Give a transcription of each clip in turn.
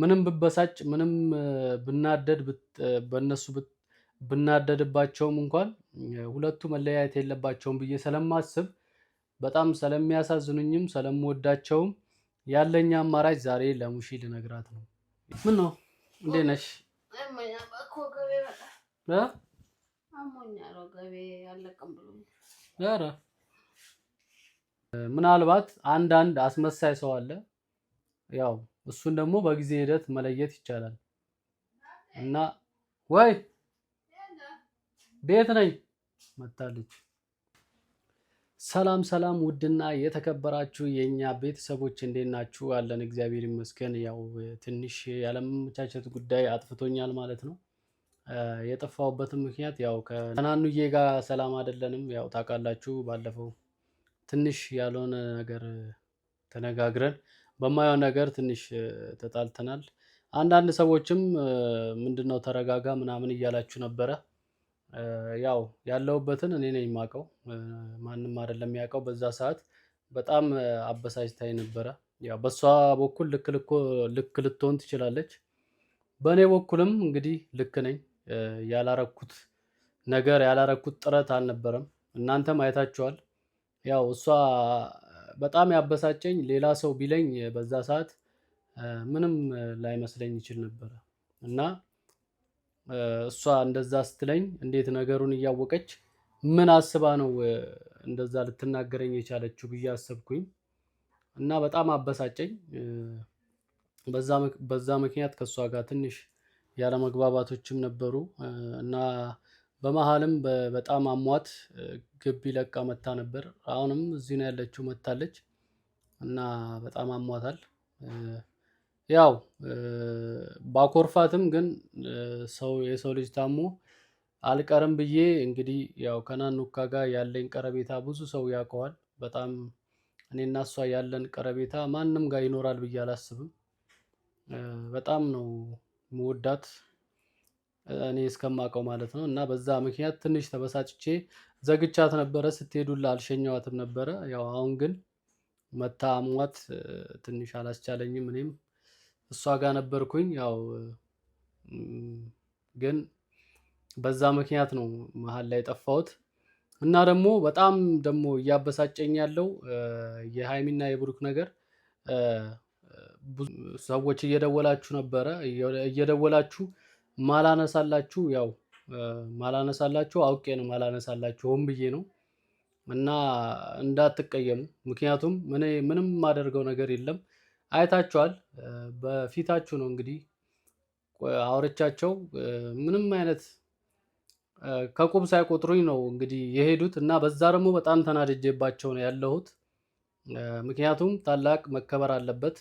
ምንም ብበሳጭ ምንም ብናደድ በእነሱ ብናደድባቸውም እንኳን ሁለቱ መለያየት የለባቸውም ብዬ ስለማስብ በጣም ስለሚያሳዝኑኝም ስለምወዳቸውም ያለኝ አማራጭ ዛሬ ለሙሺ ልነግራት ነው። ምን ነው እንዴት ነሽ? ምናልባት አንዳንድ አስመሳይ ሰው አለ ያው እሱን ደግሞ በጊዜ ሂደት መለየት ይቻላል እና ወይ ቤት ነኝ መታለች። ሰላም ሰላም፣ ውድና የተከበራችሁ የእኛ ቤተሰቦች እንዴት ናችሁ? አለን እግዚአብሔር ይመስገን። ያው ትንሽ ያለመመቻቸት ጉዳይ አጥፍቶኛል ማለት ነው። የጠፋሁበትም ምክንያት ያው ከናኑዬ ጋር ሰላም አይደለንም። ያው ታውቃላችሁ፣ ባለፈው ትንሽ ያልሆነ ነገር ተነጋግረን በማየው ነገር ትንሽ ተጣልተናል። አንዳንድ ሰዎችም ምንድነው ተረጋጋ ምናምን እያላችሁ ነበረ። ያው ያለሁበትን እኔ ነኝ የማውቀው፣ ማንም አይደለም የሚያውቀው። በዛ ሰዓት በጣም አበሳጭታኝ ነበረ። ያው በእሷ በኩል ልክ ልክ ልትሆን ትችላለች። በእኔ በኩልም እንግዲህ ልክ ነኝ። ያላረኩት ነገር ያላረኩት ጥረት አልነበረም። እናንተም አይታችኋል። ያው እሷ በጣም ያበሳጨኝ ሌላ ሰው ቢለኝ በዛ ሰዓት ምንም ላይመስለኝ ይችል ነበረ እና እሷ እንደዛ ስትለኝ እንዴት ነገሩን እያወቀች ምን አስባ ነው እንደዛ ልትናገረኝ የቻለችው ብዬ አሰብኩኝ እና በጣም አበሳጨኝ። በዛ ምክንያት ከእሷ ጋር ትንሽ ያለመግባባቶችም ነበሩ እና በመሃልም በጣም አሟት ግቢ ለቃ መታ ነበር። አሁንም እዚህ ነው ያለችው መታለች እና በጣም አሟታል። ያው ባኮርፋትም ግን ሰው የሰው ልጅ ታሞ አልቀርም ብዬ እንግዲህ ያው ከናኑካ ጋር ያለኝ ቀረቤታ ብዙ ሰው ያውቀዋል። በጣም እኔ እና እሷ ያለን ቀረቤታ ማንም ጋር ይኖራል ብዬ አላስብም። በጣም ነው መወዳት እኔ እስከማውቀው ማለት ነው። እና በዛ ምክንያት ትንሽ ተበሳጭቼ ዘግቻት ነበረ። ስትሄዱላ አልሸኘዋትም ነበረ። ያው አሁን ግን መታ አሟት ትንሽ አላስቻለኝም። እኔም እሷ ጋር ነበርኩኝ። ያው ግን በዛ ምክንያት ነው መሀል ላይ የጠፋሁት። እና ደግሞ በጣም ደግሞ እያበሳጨኝ ያለው የሀይሚና የብሩክ ነገር ሰዎች እየደወላችሁ ነበረ እየደወላችሁ ማላነሳላችሁ ያው ማላነሳላችሁ አውቄ ነው ማላነሳላችሁ ሆን ብዬ ነው እና እንዳትቀየሙ። ምክንያቱም ምንም የማደርገው ነገር የለም። አይታችኋል፣ በፊታችሁ ነው እንግዲህ አውርቻቸው ምንም አይነት ከቁብ ሳይቆጥሩኝ ነው እንግዲህ የሄዱት እና በዛ ደግሞ በጣም ተናድጄባቸው ነው ያለሁት። ምክንያቱም ታላቅ መከበር አለበት።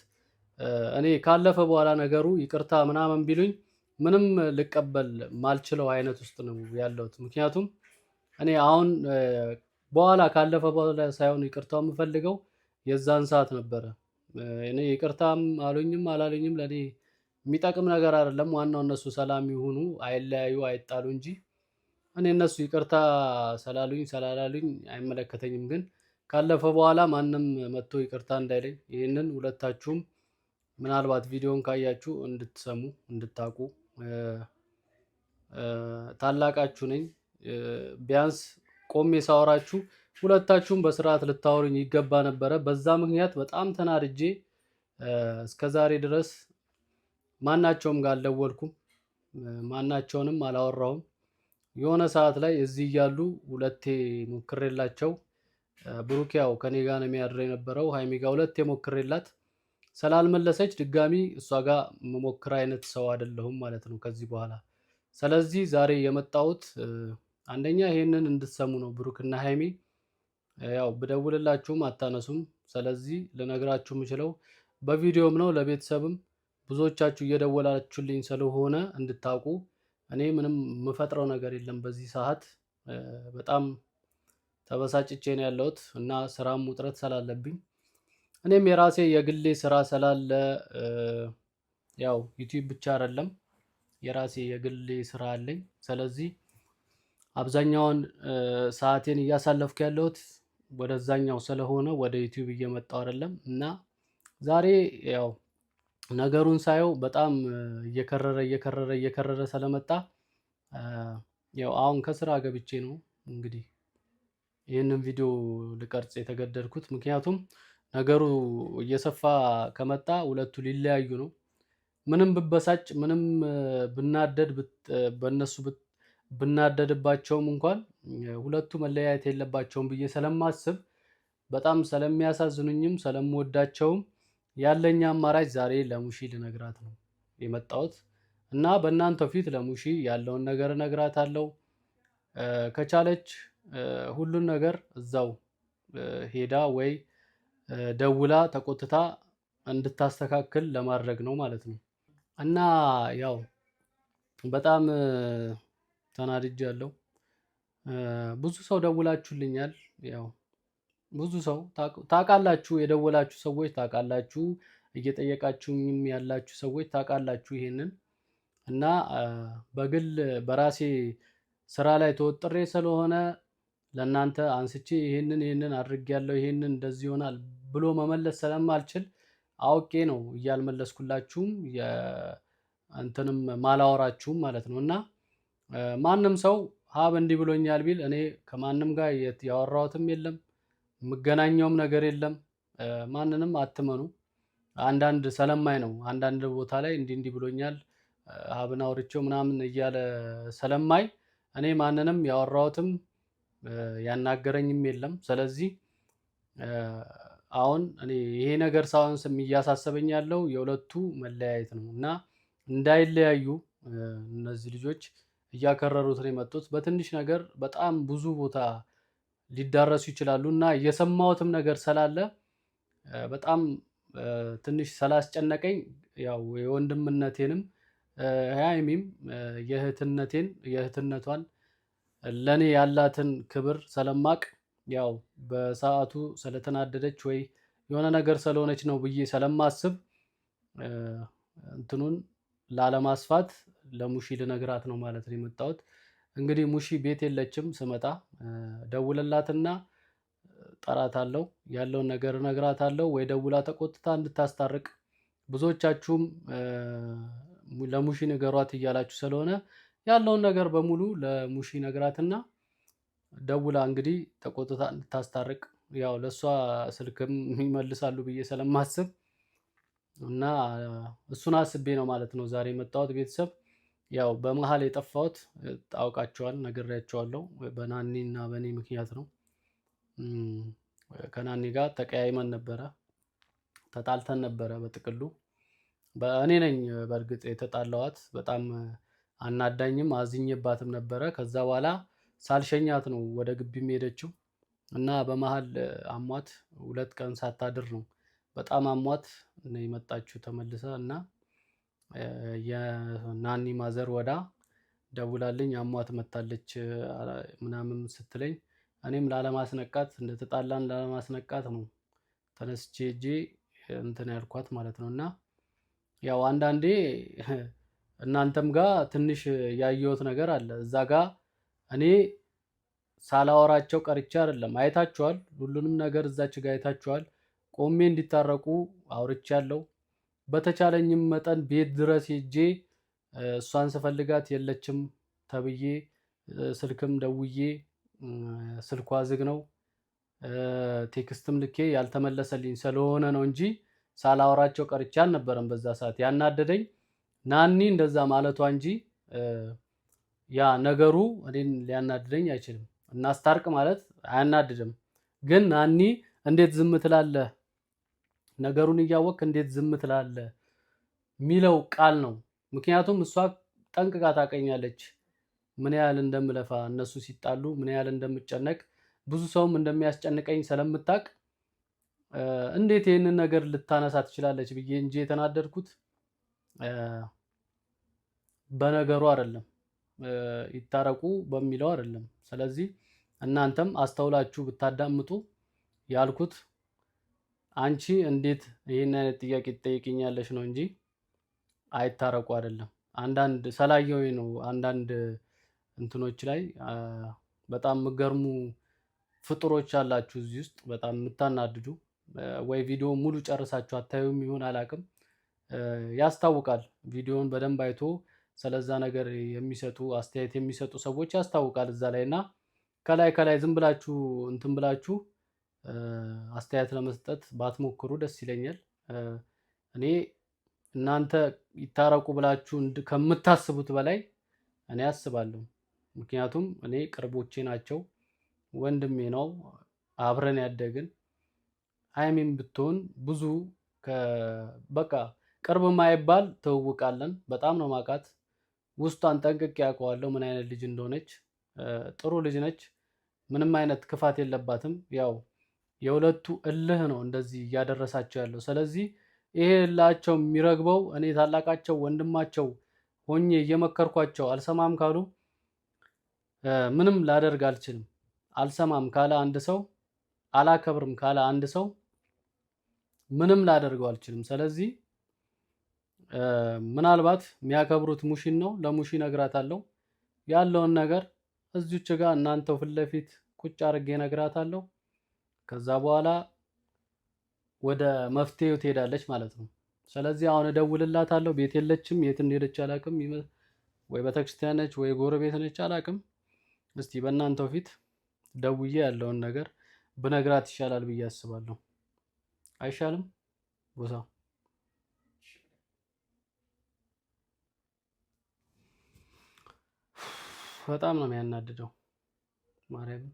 እኔ ካለፈ በኋላ ነገሩ ይቅርታ ምናምን ቢሉኝ ምንም ልቀበል ማልችለው አይነት ውስጥ ነው ያለሁት። ምክንያቱም እኔ አሁን በኋላ ካለፈ በኋላ ሳይሆን ይቅርታው የምፈልገው የዛን ሰዓት ነበረ። እኔ ይቅርታም አሉኝም አላሉኝም ለእኔ የሚጠቅም ነገር አይደለም። ዋናው እነሱ ሰላም ይሁኑ፣ አይለያዩ፣ አይጣሉ እንጂ እኔ እነሱ ይቅርታ ስላሉኝ ስላላሉኝ አይመለከተኝም። ግን ካለፈ በኋላ ማንም መጥቶ ይቅርታ እንዳይለኝ ይህንን ሁለታችሁም ምናልባት ቪዲዮን ካያችሁ እንድትሰሙ እንድታውቁ ታላቃችሁ ነኝ። ቢያንስ ቆሜ ሳወራችሁ ሁለታችሁም በስርዓት ልታወሩኝ ይገባ ነበረ። በዛ ምክንያት በጣም ተናድጄ እስከዛሬ ድረስ ማናቸውም ጋር አልደወልኩም፣ ማናቸውንም አላወራውም። የሆነ ሰዓት ላይ እዚህ እያሉ ሁለቴ ሞክሬላቸው ብሩክ ያው ከኔ ጋር ነው የሚያድር የነበረው። ሀይሚ ጋ ሁለቴ ሞክሬላት ስላልመለሰች ድጋሚ እሷ ጋር መሞክር አይነት ሰው አይደለሁም ማለት ነው ከዚህ በኋላ። ስለዚህ ዛሬ የመጣሁት አንደኛ ይሄንን እንድትሰሙ ነው። ብሩክና ሃይሚ ያው ብደውልላችሁም አታነሱም። ስለዚህ ልነግራችሁ የምችለው በቪዲዮም ነው። ለቤተሰብም ብዙዎቻችሁ እየደወላችሁልኝ ስለሆነ እንድታውቁ። እኔ ምንም የምፈጥረው ነገር የለም በዚህ ሰዓት በጣም ተበሳጭቼ ነው ያለሁት እና ስራም ውጥረት ስላለብኝ እኔም የራሴ የግሌ ስራ ስላለ ያው ዩቲዩብ ብቻ አይደለም የራሴ የግሌ ስራ አለኝ። ስለዚህ አብዛኛውን ሰዓቴን እያሳለፍኩ ያለሁት ወደዛኛው ስለሆነ ወደ ዩቲዩብ እየመጣው አይደለም እና ዛሬ ያው ነገሩን ሳየው በጣም እየከረረ እየከረረ እየከረረ ስለመጣ ያው አሁን ከስራ ገብቼ ነው እንግዲህ ይህንን ቪዲዮ ልቀርጽ የተገደድኩት ምክንያቱም ነገሩ እየሰፋ ከመጣ ሁለቱ ሊለያዩ ነው። ምንም ብበሳጭ ምንም ብናደድ በነሱ ብናደድባቸውም እንኳን ሁለቱ መለያየት የለባቸውም ብዬ ስለማስብ በጣም ስለሚያሳዝኑኝም ስለምወዳቸውም ያለኝ አማራጭ ዛሬ ለሙሺ ልነግራት ነው የመጣሁት እና በእናንተው ፊት ለሙሺ ያለውን ነገር እነግራታለሁ። ከቻለች ሁሉን ነገር እዛው ሄዳ ወይ ደውላ ተቆጥታ እንድታስተካክል ለማድረግ ነው ማለት ነው። እና ያው በጣም ተናድጅ ያለው ብዙ ሰው ደውላችሁልኛል። ያው ብዙ ሰው ታውቃላችሁ፣ የደወላችሁ ሰዎች ታውቃላችሁ፣ እየጠየቃችሁኝም ያላችሁ ሰዎች ታውቃላችሁ ይሄንን እና በግል በራሴ ስራ ላይ ተወጥሬ ስለሆነ ለእናንተ አንስቼ ይሄንን ይሄንን አድርጌያለሁ፣ ይሄንን እንደዚህ ይሆናል ብሎ መመለስ ስለማልችል አውቄ ነው እያልመለስኩላችሁም እንትንም ማላወራችሁም ማለት ነው። እና ማንም ሰው ሀብ እንዲህ ብሎኛል ቢል እኔ ከማንም ጋር ያወራሁትም የለም የምገናኘውም ነገር የለም። ማንንም አትመኑ። አንዳንድ ሰለማይ ነው። አንዳንድ ቦታ ላይ እንዲህ እንዲህ ብሎኛል ሀብን አውርቼው ምናምን እያለ ሰለማይ እኔ ማንንም ያወራሁትም ያናገረኝም የለም። ስለዚህ አሁን እኔ ይሄ ነገር ሳሁን ስም እያሳሰበኝ ያለው የሁለቱ መለያየት ነው እና እንዳይለያዩ እነዚህ ልጆች እያከረሩት ነው የመጡት። በትንሽ ነገር በጣም ብዙ ቦታ ሊዳረሱ ይችላሉ እና የሰማሁትም ነገር ስላለ በጣም ትንሽ ስላስጨነቀኝ ያው የወንድምነቴንም ሀይሚም የእህትነቴን የእህትነቷን ለእኔ ያላትን ክብር ስለማቅ ያው በሰዓቱ ስለተናደደች ወይ የሆነ ነገር ስለሆነች ነው ብዬ ስለማስብ እንትኑን ላለማስፋት ለሙሺ ልነግራት ነው ማለት ነው የመጣሁት። እንግዲህ ሙሺ ቤት የለችም። ስመጣ ደውለላትና ጠራታለሁ፣ ያለውን ነገር እነግራታለሁ። ወይ ደውላ ተቆጥታ እንድታስታርቅ ብዙዎቻችሁም ለሙሺ ንገሯት እያላችሁ ስለሆነ ያለውን ነገር በሙሉ ለሙሺ ነግራትና ደውላ እንግዲህ ተቆጥታ እንድታስታርቅ ያው ለእሷ ስልክም ይመልሳሉ ብዬ ስለማስብ እና እሱን አስቤ ነው ማለት ነው ዛሬ የመጣሁት ቤተሰብ። ያው በመሀል የጠፋሁት ታውቃቸዋል፣ ነግሬያቸዋለሁ። በናኒ እና በእኔ ምክንያት ነው። ከናኒ ጋር ተቀያይመን ነበረ፣ ተጣልተን ነበረ። በጥቅሉ በእኔ ነኝ በእርግጥ የተጣላዋት። በጣም አናዳኝም አዝኜባትም ነበረ። ከዛ በኋላ ሳልሸኛት ነው ወደ ግቢ የሄደችው እና በመሀል አሟት ሁለት ቀን ሳታድር ነው በጣም አሟት የመጣችው ተመልሰ እና የናኒ ማዘር ወዳ ደውላልኝ አሟት መታለች ምናምን ስትለኝ እኔም ላለማስነቃት እንደተጣላን ላለማስነቃት ነው ተነስቼ ሄጄ እንትን ያልኳት ማለት ነው። እና ያው አንዳንዴ እናንተም ጋር ትንሽ ያየሁት ነገር አለ እዛ ጋር እኔ ሳላወራቸው ቀርቼ አይደለም። አይታችኋል፣ ሁሉንም ነገር እዛች ጋር አይታችኋል። ቆሜ እንዲታረቁ አውርቻለሁ። በተቻለኝም መጠን ቤት ድረስ ሄጄ እሷን ስፈልጋት የለችም ተብዬ ስልክም ደውዬ ስልኳ ዝግ ነው። ቴክስትም ልኬ ያልተመለሰልኝ ስለሆነ ነው እንጂ ሳላወራቸው ቀርቼ አልነበረም። በዛ ሰዓት ያናደደኝ ናኒ እንደዛ ማለቷ እንጂ ያ ነገሩ እኔን ሊያናድደኝ አይችልም። እናስታርቅ ማለት አያናድድም። ግን ናኒ እንዴት ዝም ትላለህ? ነገሩን እያወቅ እንዴት ዝም ትላለህ? የሚለው ቃል ነው። ምክንያቱም እሷ ጠንቅቃ ታቀኛለች። ምን ያህል እንደምለፋ እነሱ ሲጣሉ ምን ያህል እንደምጨነቅ ብዙ ሰውም እንደሚያስጨንቀኝ ስለምታቅ እንዴት ይህንን ነገር ልታነሳ ትችላለች ብዬ እንጂ የተናደድኩት በነገሩ አይደለም። ይታረቁ በሚለው አይደለም። ስለዚህ እናንተም አስተውላችሁ ብታዳምጡ ያልኩት አንቺ እንዴት ይህን አይነት ጥያቄ ትጠይቅኛለች ነው እንጂ አይታረቁ አይደለም። አንዳንድ ሰላየው ነው አንዳንድ እንትኖች ላይ በጣም የምገርሙ ፍጡሮች አላችሁ እዚህ ውስጥ በጣም የምታናድዱ። ወይ ቪዲዮ ሙሉ ጨርሳችሁ አታዩም ይሆን አላውቅም። ያስታውቃል ቪዲዮን በደንብ አይቶ ስለዛ ነገር የሚሰጡ አስተያየት የሚሰጡ ሰዎች ያስታውቃል እዛ ላይ እና ከላይ ከላይ ዝም ብላችሁ እንትን ብላችሁ አስተያየት ለመስጠት ባትሞክሩ ደስ ይለኛል። እኔ እናንተ ይታረቁ ብላችሁ ከምታስቡት በላይ እኔ አስባለሁ። ምክንያቱም እኔ ቅርቦቼ ናቸው፣ ወንድሜ ነው፣ አብረን ያደግን ሀይሚም ብትሆን ብዙ በቃ ቅርብ ማይባል ትውውቃለን። በጣም ነው ማቃት። ውስጧን ጠንቅቄ ያውቀዋለሁ ምን አይነት ልጅ እንደሆነች። ጥሩ ልጅ ነች፣ ምንም አይነት ክፋት የለባትም። ያው የሁለቱ እልህ ነው እንደዚህ እያደረሳቸው ያለው። ስለዚህ ይሄ እልሃቸው የሚረግበው እኔ ታላቃቸው ወንድማቸው ሆኜ እየመከርኳቸው አልሰማም ካሉ ምንም ላደርግ አልችልም። አልሰማም ካለ አንድ ሰው፣ አላከብርም ካለ አንድ ሰው ምንም ላደርገው አልችልም። ስለዚህ ምናልባት የሚያከብሩት ሙሺን ነው። ለሙሺ እነግራታለሁ ያለውን ነገር እዚች ጋር እናንተው ፊት ለፊት ቁጭ አድርጌ እነግራታለሁ። ከዛ በኋላ ወደ መፍትሄው ትሄዳለች ማለት ነው። ስለዚህ አሁን እደውልላታለሁ። ቤት የለችም፣ የት እንደሄደች አላቅም። ወይ ቤተክርስቲያን ነች፣ ወይ ጎረቤት ነች፣ አላቅም። እስቲ በእናንተው ፊት ደውዬ ያለውን ነገር ብነግራት ይሻላል ብዬ አስባለሁ። አይሻልም ቦሳው? በጣም ነው የሚያናድደው። ማርያም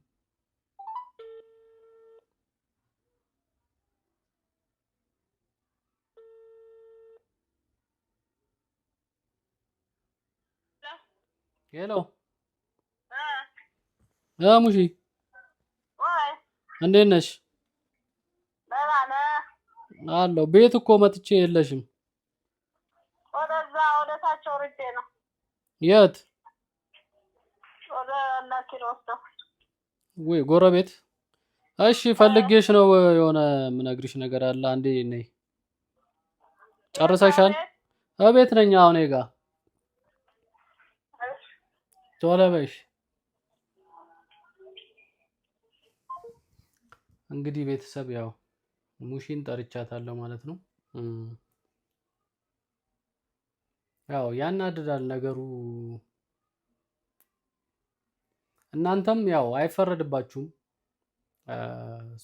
ሄሎ ሙሺ እንዴት ነሽ? አለሁ። ቤት እኮ መጥቼ የለሽም። ወደዛ ወደታቸው ርዴ ነው። የት ወይ ጎረቤት። እሺ ፈልጌሽ ነው። የሆነ ምነግርሽ ነገር አለ። አንዴ ነይ። ጨርሰሻል? እቤት ነኝ አሁን ጋ ቶሎ በይሽ። እንግዲህ ቤተሰብ ያው ሙሽን ጠርቻታለሁ ማለት ነው። ያው ያናድዳል ነገሩ። እናንተም ያው አይፈረድባችሁም።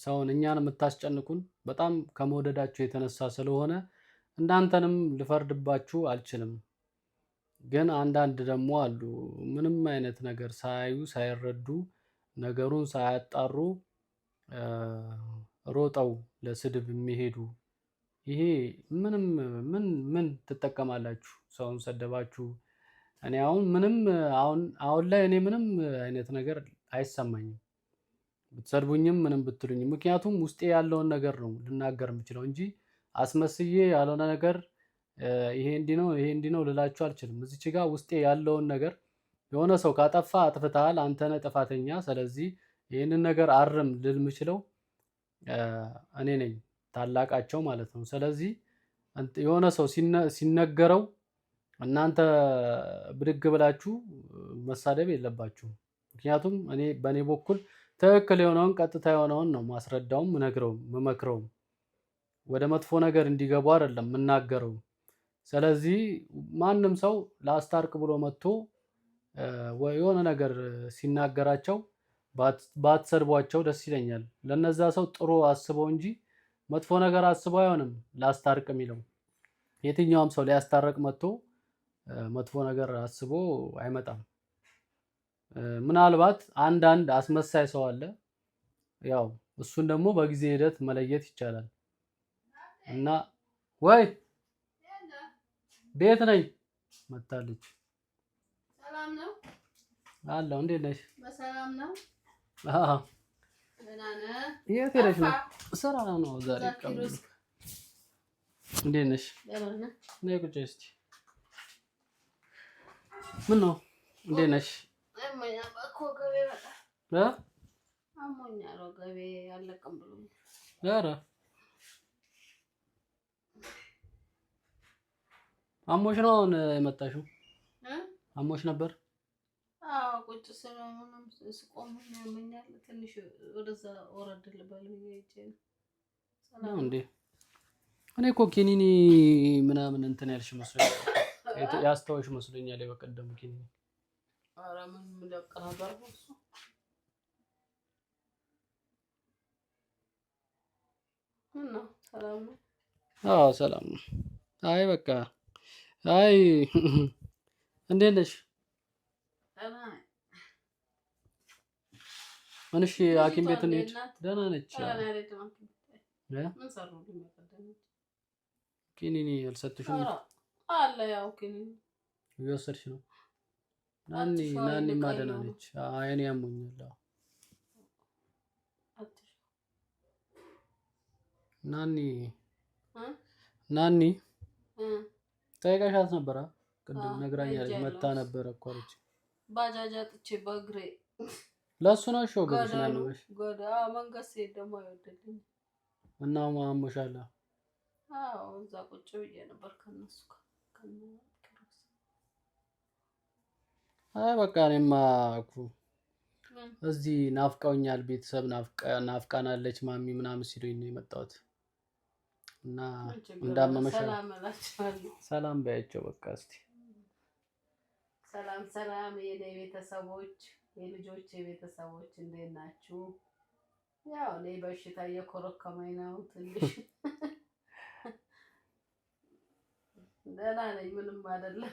ሰውን እኛን የምታስጨንቁን በጣም ከመውደዳችሁ የተነሳ ስለሆነ እናንተንም ልፈርድባችሁ አልችልም። ግን አንዳንድ ደግሞ አሉ ምንም አይነት ነገር ሳያዩ ሳይረዱ ነገሩን ሳያጣሩ ሮጠው ለስድብ የሚሄዱ ይሄ ምንም ምን ምን ትጠቀማላችሁ? ሰውን ሰደባችሁ እኔ አሁን ምንም አሁን አሁን ላይ እኔ ምንም አይነት ነገር አይሰማኝም። ብትሰድቡኝም ምንም ብትሉኝም ምክንያቱም ውስጤ ያለውን ነገር ነው ልናገር የምችለው እንጂ አስመስዬ ያልሆነ ነገር ይሄ እንዲህ ነው ይሄ እንዲህ ነው ልላችሁ አልችልም። እዚች ጋር ውስጤ ያለውን ነገር የሆነ ሰው ካጠፋ አጥፍተሃል፣ አንተነ ጥፋተኛ፣ ስለዚህ ይህንን ነገር አርም ልል የምችለው እኔ ነኝ ታላቃቸው ማለት ነው። ስለዚህ የሆነ ሰው ሲነገረው እናንተ ብድግ ብላችሁ መሳደብ የለባችሁም። ምክንያቱም እኔ በእኔ በኩል ትክክል የሆነውን ቀጥታ የሆነውን ነው ማስረዳውም ምነግረውም ምመክረውም። ወደ መጥፎ ነገር እንዲገቡ አይደለም የምናገረው። ስለዚህ ማንም ሰው ለአስታርቅ ብሎ መጥቶ የሆነ ነገር ሲናገራቸው ባትሰድቧቸው ደስ ይለኛል። ለነዛ ሰው ጥሩ አስበው እንጂ መጥፎ ነገር አስበው አይሆንም። ላስታርቅ የሚለው የትኛውም ሰው ሊያስታርቅ መጥቶ መጥፎ ነገር አስቦ አይመጣም። ምናልባት አንዳንድ አስመሳይ ሰው አለ። ያው እሱን ደግሞ በጊዜ ሂደት መለየት ይቻላል እና ወይ ቤት ነኝ መታለች። ሰላም ነው አለው። እንዴት ነሽ? በሰላም ነው። አዎ የት ሄደሽ ነው? ስራ ነው ዛሬ። እንዴት ነሽ? እኔ ቁጭ እስኪ ምን ነው? እንዴት ነሽ? አሞሽ ነው አሁን የመጣሽው? አሞሽ ነበር? አዎ፣ ቁጭ ስለሆነም ስቆም ያመኛል። ትንሽ ወደዛ ወረድ ልበል ነው እንዴ? እኔ እኮ ኪኒኒ ምናምን እንትን ያልሽ መስሎኝ ያስታወሽ መስሎኛል። በቀደሙ ኪኒ ኧረ ምን ምለቅ እሱ አዎ ሰላም ነው። አይ በቃ አይ እንዴት ነሽ? ምን እሺ፣ ሐኪም ቤት እንሂድ። ደህና ነች። ኪኒኒ አልሰጥሽም አለ ያው ግን እየወሰድሽ ነው። ናኒ ናኒ ማደና ነች። አይኔ ያሞኛል። ናኒ ናኒ ጠይቃሻት ነበረ ቅድም ነግራኛለች። መታ ነበረ እኮ አለች። ባጃጅ አጥቼ በእግሬ ለሱ ነው ሾ ገብሽ ነው ገሽ ጎዳ መንገስ ደግሞ አይወደድም እና ማሞሻላ እዛ ቁጭ ብዬ ነበር ከነሱ ጋር አይ በቃ እኔማ እኮ እዚህ ናፍቀውኛል፣ ቤተሰብ ናፍቃናለች ማሚ ምናምን ሲሉኝ ነው የመጣሁት። እና እንዳመመሽ ሰላም በያቸው በቃ እስቲ። ሰላም ሰላም፣ የኔ ቤተሰቦች፣ የልጆች የቤተሰቦች እንዴት ናችሁ? ያው እኔ በሽታ እየኮረኮመኝ ነው ትንሽ ነኝ፣ ምንም አይደለም።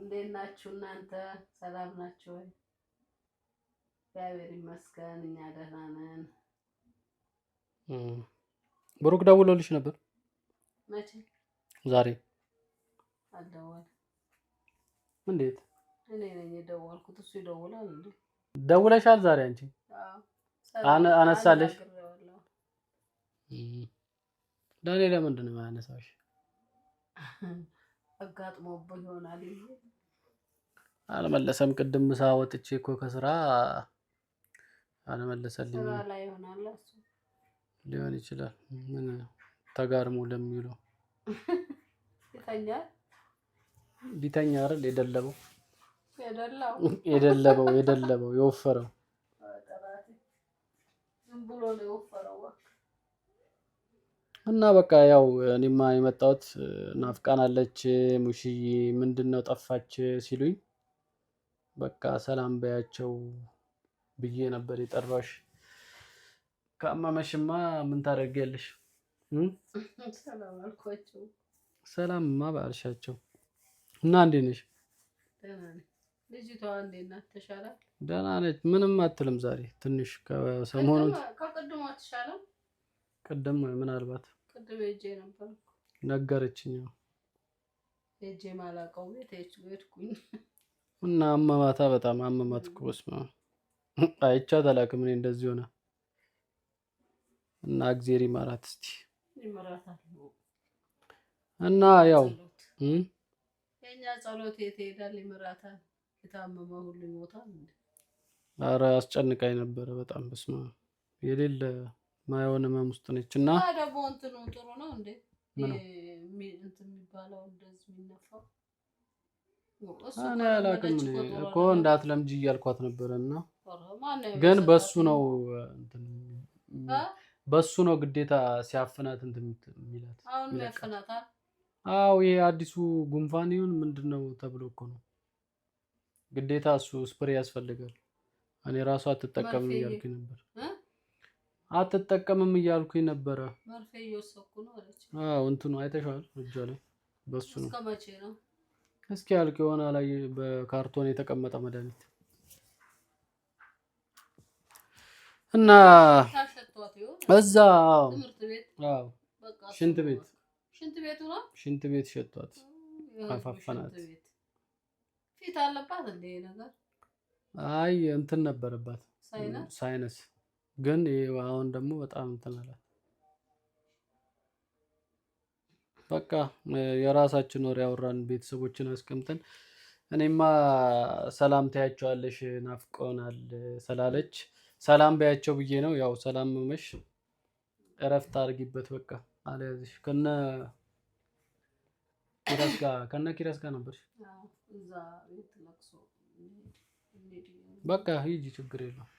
እንዴት ናችሁ እናንተ? ሰላም ናችሁ ወይ? እግዚአብሔር ይመስገን፣ እኛ ደህና ነን። ብሩክ ደውሎልሽ ነበር? መቼ? ዛሬ አልደወለም። እንዴት? እኔ ነኝ የደወልኩት፣ እሱ ይደውላል እንዴ? ደውለሻል ዛሬ አንቺ? አነሳለሽ? ለእኔ ለምንድን ነው አጋጥሞቦ ይሆናል። አልመለሰም። ቅድም ምሳ ወጥቼ እኮ ከስራ አልመለሰልኝ። ሊሆን ይችላል። ምን ተጋርሞ ለሚውለው ቢተኛ አይደል የደለበው የደለበው የደለበው የወፈረው ዝም ብሎ ነው የወፈረው። እና በቃ ያው እኔማ የመጣሁት ናፍቃናለች ሙሽዬ ምንድነው ጠፋች ሲሉኝ በቃ ሰላም በያቸው ብዬ ነበር የጠራሽ። ከአማመሽማ ምን ታደርጊያለሽ? ሰላምማ ባልሻቸው እና እንዴት ነሽ? ደህና ነች። ምንም አትልም። ዛሬ ትንሽ ከሰሞኑ ቅድም ምናልባት ቅድም ሄጄ ነበር ነገረችኝ። ሄጄ ማላውቀው ቤት ሄድኩኝ እና አመማታ፣ በጣም አመማት እኮ ስማ፣ አይቻት አላውቅም እኔ እንደዚህ ሆነ እና እግዜር ይማራት እና ያው ጸሎት የት ሄዳል? ይምራታል። የታመመ ሁሉ ይሞታል። አስጨንቃኝ ነበረ በጣም የሌለ ማየሆን ህመም ውስጥ ነች እና ደግሞ እንትኑ ጥሩ ነው እንዴ እንትን የሚባለው እንደዚህ የሚነፋው እኔ አላውቅም እኮ እንዳትለምጂ እያልኳት ነበረ እና ግን በሱ ነው በሱ ነው ግዴታ ሲያፍናት እንትን የሚላት አዎ ይሄ አዲሱ ጉንፋን ይሁን ምንድን ነው ተብሎ እኮ ነው ግዴታ እሱ ስፕሬ ያስፈልጋል እኔ ራሷ አትጠቀምም እያልኩኝ ነበር አትጠቀምም እያልኩኝ ነበረ። መርፌ ነው እንትኑ አይተሻል፣ እጇ ላይ በሱ ነው። እስኪ ያልቅ የሆነ ላይ በካርቶን የተቀመጠ መድኃኒት እና እዛ ሽንት ቤት ሽንት ቤት ሸጧት፣ አፋፈናት። ፊት አለባት እንደ ነገር አይ እንትን ነበረባት ሳይነስ ግን አሁን ደግሞ በጣም እንትን በቃ የራሳችን ወሬ ያወራን ቤተሰቦችን አስቀምጠን እኔማ ሰላም ታያቸዋለሽ ናፍቆናል ስላለች ሰላም በያቸው ብዬ ነው። ያው ሰላም መመሽ እረፍት አድርጊበት በቃ አለያዝሽ ከነ ኪራስ ጋር ከነ ኪራስ ጋር በቃ ሂጂ ችግር የለውም።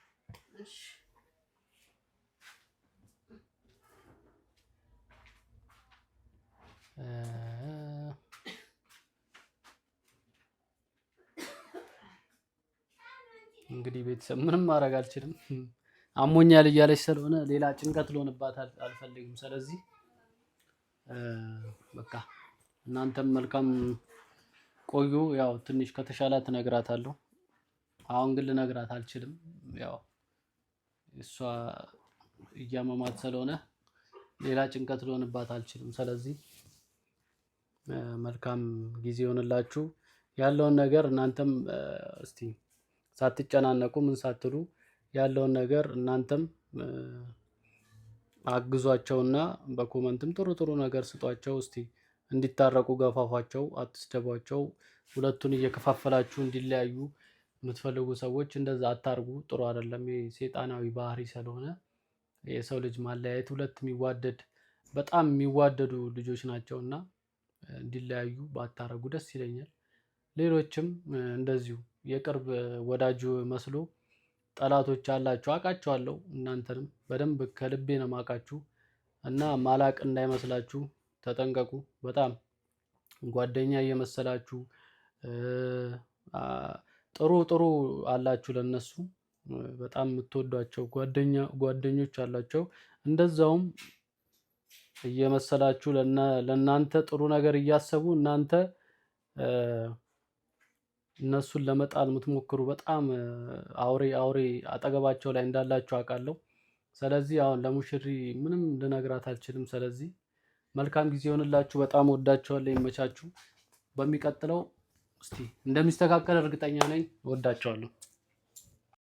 እንግዲህ ቤተሰብ ምንም ማድረግ አልችልም። አሞኛል እያለች ስለሆነ ሌላ ጭንቀት ልሆንባት አልፈልግም። ስለዚህ በቃ እናንተም መልካም ቆዩ። ያው ትንሽ ከተሻላት እነግራታለሁ። አሁን ግን ልነግራት አልችልም። ያው እሷ እያመማት ስለሆነ ሌላ ጭንቀት ልሆንባት አልችልም። ስለዚህ መልካም ጊዜ ይሆንላችሁ። ያለውን ነገር እናንተም እስቲ ሳትጨናነቁ ምን ሳትሉ ያለውን ነገር እናንተም አግዟቸውና በኮመንትም ጥሩ ጥሩ ነገር ስጧቸው። እስቲ እንዲታረቁ ገፋፏቸው፣ አትስደቧቸው። ሁለቱን እየከፋፈላችሁ እንዲለያዩ የምትፈልጉ ሰዎች እንደዛ አታርጉ። ጥሩ አይደለም። የሴጣናዊ ባህሪ ስለሆነ የሰው ልጅ ማለያየት ሁለት የሚዋደድ በጣም የሚዋደዱ ልጆች ናቸው እና እንዲለያዩ ባታረጉ ደስ ይለኛል። ሌሎችም እንደዚሁ የቅርብ ወዳጅ መስሎ ጠላቶች አላችሁ አውቃችኋለሁ። እናንተንም በደንብ ከልቤ ነው የማውቃችሁ እና ማላቅ እንዳይመስላችሁ ተጠንቀቁ። በጣም ጓደኛ እየመሰላችሁ ጥሩ ጥሩ አላችሁ ለነሱ በጣም የምትወዷቸው ጓደኞች አላቸው እንደዛውም እየመሰላችሁ ለእናንተ ጥሩ ነገር እያሰቡ እናንተ እነሱን ለመጣል የምትሞክሩ በጣም አውሬ አውሬ አጠገባቸው ላይ እንዳላችሁ አውቃለሁ። ስለዚህ አሁን ለሙሽሪ ምንም ልነግራት አልችልም። ስለዚህ መልካም ጊዜ ይሆንላችሁ። በጣም ወዳቸዋለሁ። ይመቻችሁ። በሚቀጥለው እስቲ እንደሚስተካከል እርግጠኛ ነኝ። ወዳቸዋለሁ።